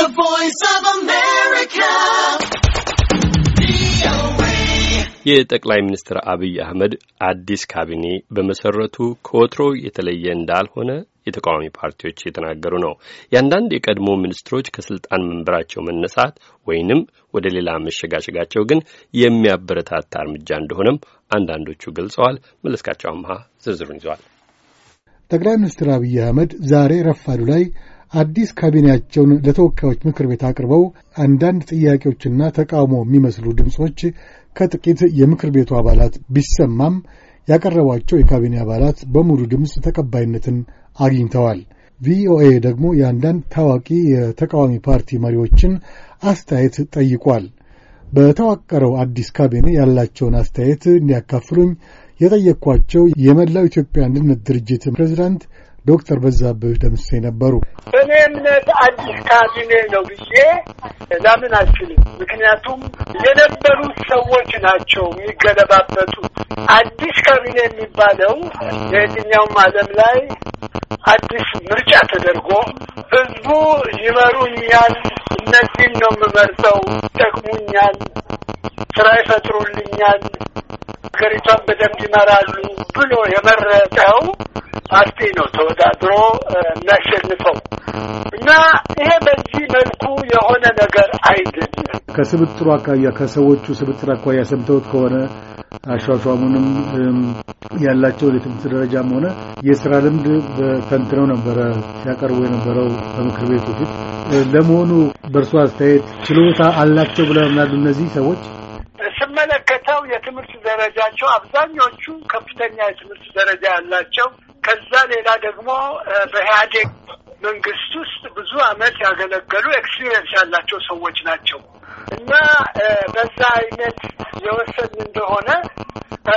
The Voice of America. የጠቅላይ ሚኒስትር አብይ አህመድ አዲስ ካቢኔ በመሰረቱ ከወትሮ የተለየ እንዳልሆነ የተቃዋሚ ፓርቲዎች የተናገሩ ነው። የአንዳንድ የቀድሞ ሚኒስትሮች ከስልጣን መንበራቸው መነሳት ወይንም ወደ ሌላ መሸጋሸጋቸው ግን የሚያበረታታ እርምጃ እንደሆነም አንዳንዶቹ ገልጸዋል። መለስካቸው አምሃ ዝርዝሩን ይዘዋል። ጠቅላይ ሚኒስትር አብይ አህመድ ዛሬ ረፋዱ ላይ አዲስ ካቢኔያቸውን ለተወካዮች ምክር ቤት አቅርበው አንዳንድ ጥያቄዎችና ተቃውሞ የሚመስሉ ድምፆች ከጥቂት የምክር ቤቱ አባላት ቢሰማም ያቀረቧቸው የካቢኔ አባላት በሙሉ ድምፅ ተቀባይነትን አግኝተዋል። ቪኦኤ ደግሞ የአንዳንድ ታዋቂ የተቃዋሚ ፓርቲ መሪዎችን አስተያየት ጠይቋል። በተዋቀረው አዲስ ካቢኔ ያላቸውን አስተያየት እንዲያካፍሉኝ የጠየቅኳቸው የመላው ኢትዮጵያ አንድነት ድርጅት ፕሬዚዳንት ዶክተር በዛብህ ደምሴ ነበሩ። እኔ እምነት አዲስ ካቢኔ ነው ብዬ ለምን አልችልም? ምክንያቱም የነበሩት ሰዎች ናቸው የሚገለባበቱ አዲስ ካቢኔ የሚባለው የትኛውም ዓለም ላይ አዲስ ምርጫ ተደርጎ ህዝቡ ይመሩኛል፣ እነዚህም ነው የምመርጠው፣ ይጠቅሙኛል፣ ስራ ይፈጥሩልኛል ሀገሪቷን በደንብ ይመራሉ ብሎ የመረጠው ፓርቲ ነው ተወዳድሮ የሚያሸንፈው እና ይሄ በዚህ መልኩ የሆነ ነገር አይደለም። ከስብጥሩ አኳያ ከሰዎቹ ስብጥር አኳያ ሰምተውት ከሆነ አሿሿሙንም ያላቸውን የትምህርት ደረጃም ሆነ የስራ ልምድ በተንትነው ነበረ ሲያቀርቡ የነበረው በምክር ቤቱ ፊት። ለመሆኑ በእርሱ አስተያየት ችሎታ አላቸው ብለው ያምናሉ እነዚህ ሰዎች? ስመለከተው የትምህርት ደረጃቸው አብዛኛዎቹ ከፍተኛ የትምህርት ደረጃ ያላቸው ከዛ ሌላ ደግሞ በኢህአዴግ መንግስት ውስጥ ብዙ አመት ያገለገሉ ኤክስፒሪየንስ ያላቸው ሰዎች ናቸው እና በዛ አይነት የወሰን እንደሆነ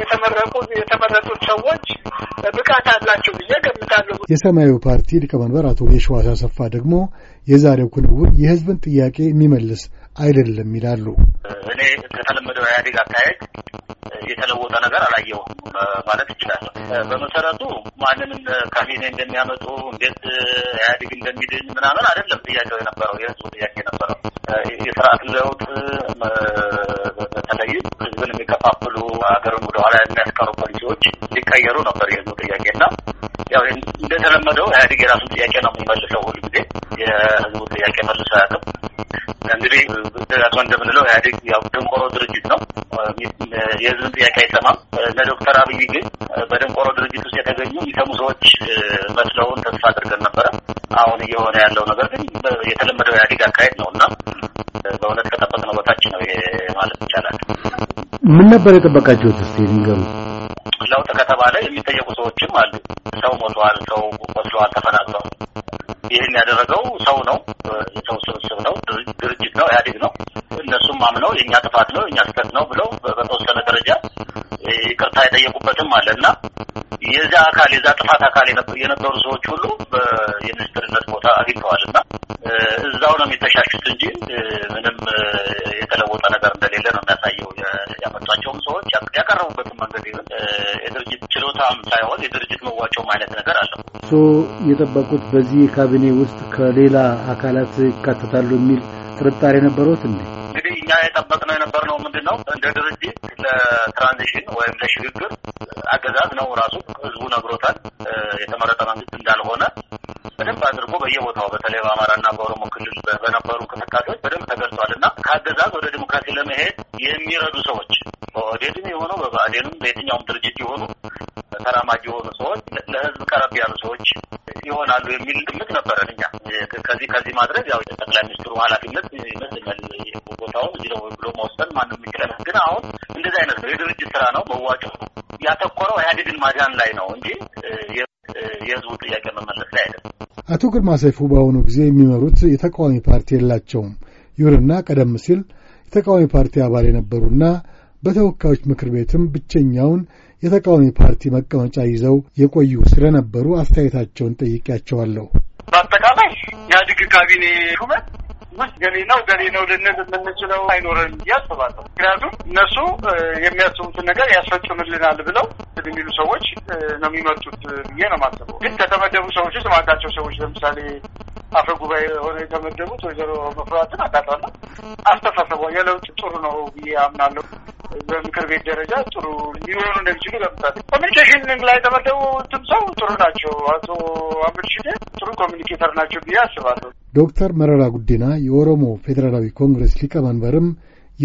የተመረቁ የተመረጡት ሰዎች ብቃት አላቸው ብዬ ገምታለሁ። የሰማያዊ ፓርቲ ሊቀመንበር አቶ የሸዋስ አሰፋ ደግሞ የዛሬው ክንውር የህዝብን ጥያቄ የሚመልስ አይደለም ይላሉ። እኔ ከተለመደው ኢህአዴግ አካሄድ የተለወጠ ነገር አላየውም ማለት ይችላል። በመሰረቱ ማንን ካቢኔ እንደሚያመጡ እንዴት ኢህአዴግ እንደሚድን ምናምን አይደለም ጥያቄው የነበረው የህዝቡ ጥያቄ የነበረው የስርዓት ለውጥ በተለይ ህዝብን የሚከፋፍሉ ሀገርን ወደኋላ የሚያስቀሩ ፖሊሲዎች ሊቀየሩ ነበር የህዝቡ ጥያቄ እና ያው እንደተለመደው ኢህአዴግ የራሱ ጥያቄ ነው የሚመልሰው ሁሉ ጊዜ የህዝቡ ጥያቄ መልሶ አያውቅም። እንግዲህ ደጋግማ እንደምንለው ኢህአዴግ ያው ደንቆሮ ድርጅት ነው። የህዝብን ጥያቄ አይሰማም። ለዶክተር አብይ ግን በደንቆሮ ድርጅት ውስጥ የተገኙ የሚሰሙ ሰዎች መስለውን ተስፋ አድርገን ነበረ። አሁን እየሆነ ያለው ነገር ግን የተለመደው ኢህአዴግ አካሄድ ነው እና በእውነት ከጠበቅነው በታች ነው ማለት ይቻላል። ምን ነበር የጠበቃችሁት? እስኪ ንገሩ። ለውጥ ከተባለ የሚጠየቁ ሰዎችም አሉ። ሰው ሞተዋል፣ ሰው ቆስለዋል፣ ተፈናቅለዋል። ይህን ያደረገው ሰው ነው፣ የሰው ስብስብ ነው፣ ድርጅት ነው፣ ኢህአዴግ ነው። እነሱም አምነው የእኛ ጥፋት ነው የእኛ ስህተት ነው ብለው በተወሰነ ደረጃ ይቅርታ የጠየቁበትም አለ እና የዚ አካል የዛ ጥፋት አካል የነበሩ ሰዎች ሁሉ የሚኒስትርነት ቦታ አግኝተዋል እና እዛው ነው የሚተሻሹት እንጂ ምንም የተለወጠ ነገር እንደሌለ ነው የሚያሳየው ያመጧቸውም ሰዎች ያቀረቡበትን መንገድ ይሁን የድርጅት ችሎታም ሳይሆን የድርጅት መዋጮም አይነት ነገር አለው። እሶ የጠበቁት በዚህ ካቢኔ ውስጥ ከሌላ አካላት ይካተታሉ የሚል ጥርጣሬ ነበሮት እንዴ? እንግዲህ እኛ የጠበቅነው የነበርነው ምንድን ነው እንደ ድርጅት ለትራንዚሽን ወይም ለሽግግር አገዛዝ ነው ራሱ ህዝቡ ነግሮታል። የተመረጠ መንግስት እንዳልሆነ በደንብ አድርጎ በየቦታው በተለይ በአማራና በኦሮሞ ክልል በነበሩ እንቅስቃሴዎች አገዛዝ ወደ ዲሞክራሲ ለመሄድ የሚረዱ ሰዎች በኦህዴድም የሆኑ በብአዴንም በየትኛውም ድርጅት የሆኑ ተራማጅ የሆኑ ሰዎች ለህዝብ ቀረብ ያሉ ሰዎች ይሆናሉ የሚል ግምት ነበረን እኛ። ከዚህ ከዚህ ማድረግ ያው ጠቅላይ ሚኒስትሩ ኃላፊነት ይመስለኛል። ቦታውን እዚህ ብሎ መወሰን ማንም የሚችላል። ግን አሁን እንደዚህ አይነት ነው፣ የድርጅት ስራ ነው። መዋጮ ያተኮረው ኢህአዴግን ማዳን ላይ ነው እንጂ የህዝቡ ጥያቄ መመለስ ላይ አይደለም። አቶ ግርማ ሰይፉ በአሁኑ ጊዜ የሚመሩት የተቃዋሚ ፓርቲ የላቸውም። ይሁንና ቀደም ሲል የተቃዋሚ ፓርቲ አባል የነበሩና በተወካዮች ምክር ቤትም ብቸኛውን የተቃዋሚ ፓርቲ መቀመጫ ይዘው የቆዩ ስለነበሩ አስተያየታቸውን ጠይቄያቸዋለሁ። በአጠቃላይ ኢህአዴግ ካቢኔ ሹመት ውስጥ ገሌ ነው ገሌ ነው ልንል የምንችለው አይኖረን እያስባለሁ። ምክንያቱም እነሱ የሚያስቡትን ነገር ያስፈጽምልናል ብለው የሚሉ ሰዎች ነው የሚመጡት ብዬ ነው የማስበው። ግን ከተመደቡ ሰዎች ውስጥ ማውቃቸው ሰዎች ለምሳሌ አፈ ጉባኤ ሆነው የተመደቡት ወይዘሮ መፍራትን አጋጣለሁ። አስተሳሰቧ የለውጥ ጥሩ ነው ብዬ አምናለሁ። በምክር ቤት ደረጃ ጥሩ ሊሆኑ እንደሚችሉ ለምሳሌ ኮሚኒኬሽን ላይ የተመደቡ ትም ሰው ጥሩ ናቸው። አቶ አምድ ጥሩ ኮሚኒኬተር ናቸው ብዬ አስባለሁ። ዶክተር መረራ ጉዲና የኦሮሞ ፌዴራላዊ ኮንግረስ ሊቀመንበርም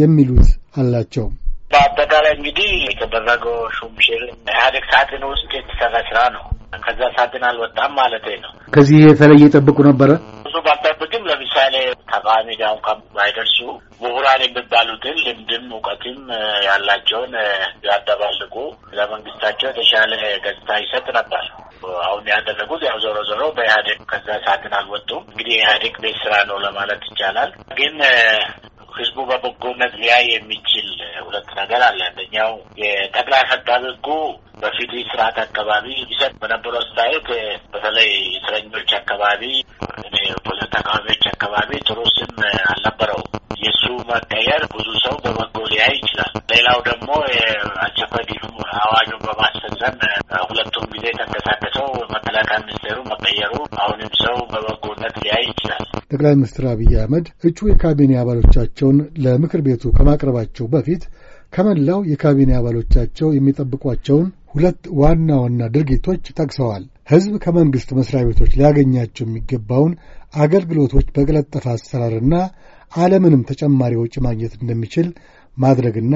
የሚሉት አላቸው። በአጠቃላይ እንግዲህ የተደረገው ሹምሽር ኢህአዴግ ሳጥን ውስጥ የተሰራ ስራ ነው። ከዛ ሳጥን አልወጣም ማለት ነው። ከዚህ የተለየ ጠብቁ ነበረ ብዙ ባልጠብቅም፣ ለምሳሌ ተቃዋሚ ጋር እንኳን ባይደርሱ ምሁራን የሚባሉትን ልምድም እውቀትም ያላቸውን ያደባልቁ ለመንግስታቸው የተሻለ ገጽታ ይሰጥ ነበር። አሁን ያደረጉት ያው ዞሮ ዞሮ በኢህአዴግ ከዛ ሳድን አልወጡም። እንግዲህ የኢህአዴግ ቤት ስራ ነው ለማለት ይቻላል ግን ህዝቡ በበጎነት ሊያይ የሚችል ሁለት ነገር አለ። አንደኛው የጠቅላይ አቃቤ ህጉ በፊት ስርዓት አካባቢ ይሰጥ በነበረው አስተያየት በተለይ እስረኞች አካባቢ ፖለቲካ አካባቢዎች አካባቢ ጥሩ ስም አልነበረው። የእሱ መቀየር ብዙ ሰው በበጎ ሊያይ ይችላል። ሌላው ደግሞ አስቸኳይ ጊዜ አዋጁን በማስፈጸም ሁለቱም ጊዜ ተንቀሳቀሰው መከላከያ ሚኒስቴሩ መቀየሩ አሁንም ሰው በበጎነት ሊያይ ይችላል። ጠቅላይ ሚኒስትር አብይ አህመድ እጩ የካቢኔ አባሎቻቸውን ለምክር ቤቱ ከማቅረባቸው በፊት ከመላው የካቢኔ አባሎቻቸው የሚጠብቋቸውን ሁለት ዋና ዋና ድርጊቶች ጠቅሰዋል። ሕዝብ ከመንግሥት መሥሪያ ቤቶች ሊያገኛቸው የሚገባውን አገልግሎቶች በቀለጠፈ አሰራርና አለምንም ተጨማሪ ወጪ ማግኘት እንደሚችል ማድረግና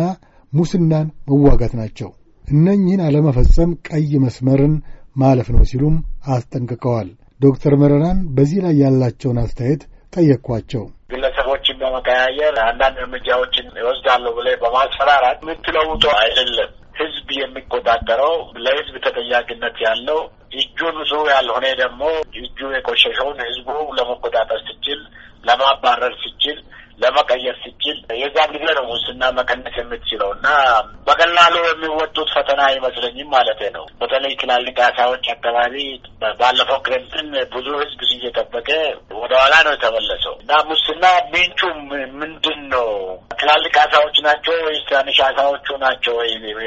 ሙስናን መዋጋት ናቸው። እነኚህን አለመፈጸም ቀይ መስመርን ማለፍ ነው ሲሉም አስጠንቅቀዋል። ዶክተር መረራን በዚህ ላይ ያላቸውን አስተያየት ጠየቅኳቸው። ግለሰቦችን በመቀያየር አንዳንድ እርምጃዎችን ይወስዳሉ ብለህ በማስፈራራት የምትለውጠው አይደለም ህዝብ የሚቆጣጠረው ለህዝብ ተጠያቂነት ያለው እጁ ንጹህ ያልሆነ ደግሞ እጁ የቆሸሸውን ህዝቡ ለመቆጣጠር ሲችል ለማባረር ሲችል ለመቀየር ሲችል የዛን ጊዜ ነው ሙስና መቀነስ የምትችለው እና በቀላሉ የሚወጡት ፈተና አይመስለኝም ማለት ነው። በተለይ ትላልቅ አሳዎች አካባቢ ባለፈው ክረምትን ብዙ ህዝብ እየጠበቀ ወደኋላ ነው የተመለሰው እና ሙስና ምንጩ ምንድን ነው? ትላልቅ አሳዎች ናቸው ወይስ ትናንሽ አሳዎቹ ናቸው?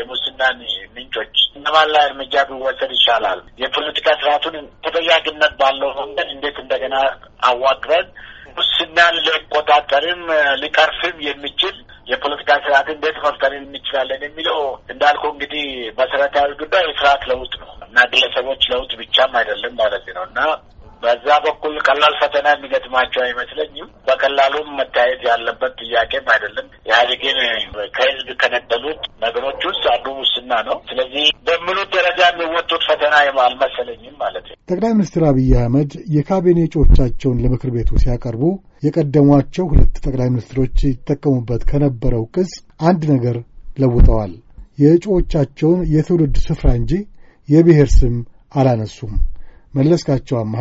የሙስናን ምንጮች እነማን ላይ እርምጃ ቢወሰድ ይሻላል? የፖለቲካ ስርዓቱን ተጠያቂነት ባለው መንገድ እንዴት እንደገና አዋቅረን ሙስናን ሊቆጣጠርም ሊቀርፍም የሚችል የፖለቲካ ስርዓት እንዴት መፍጠር እንችላለን የሚለው እንዳልኩ እንግዲህ መሰረታዊ ጉዳይ የስርዓት ለውጥ ነው እና ግለሰቦች ለውጥ ብቻም አይደለም ማለት ነው እና በዛ በኩል ቀላል ፈተና የሚገጥማቸው አይመስለኝም። በቀላሉም መታየት ያለበት ጥያቄም አይደለም። ኢህአዴግን ከህዝብ ከነጠሉት ነገሮች ውስጥ አንዱ ሙስና ነው። ስለዚህ በምሉት ደረጃ የሚወጡት ፈተና አልመሰለኝም ማለት ነው። ጠቅላይ ሚኒስትር አብይ አህመድ የካቢኔ እጩዎቻቸውን ለምክር ቤቱ ሲያቀርቡ የቀደሟቸው ሁለት ጠቅላይ ሚኒስትሮች ይጠቀሙበት ከነበረው ቅጽ አንድ ነገር ለውጠዋል። የእጩዎቻቸውን የትውልድ ስፍራ እንጂ የብሔር ስም አላነሱም። መለስካቸው አምሃ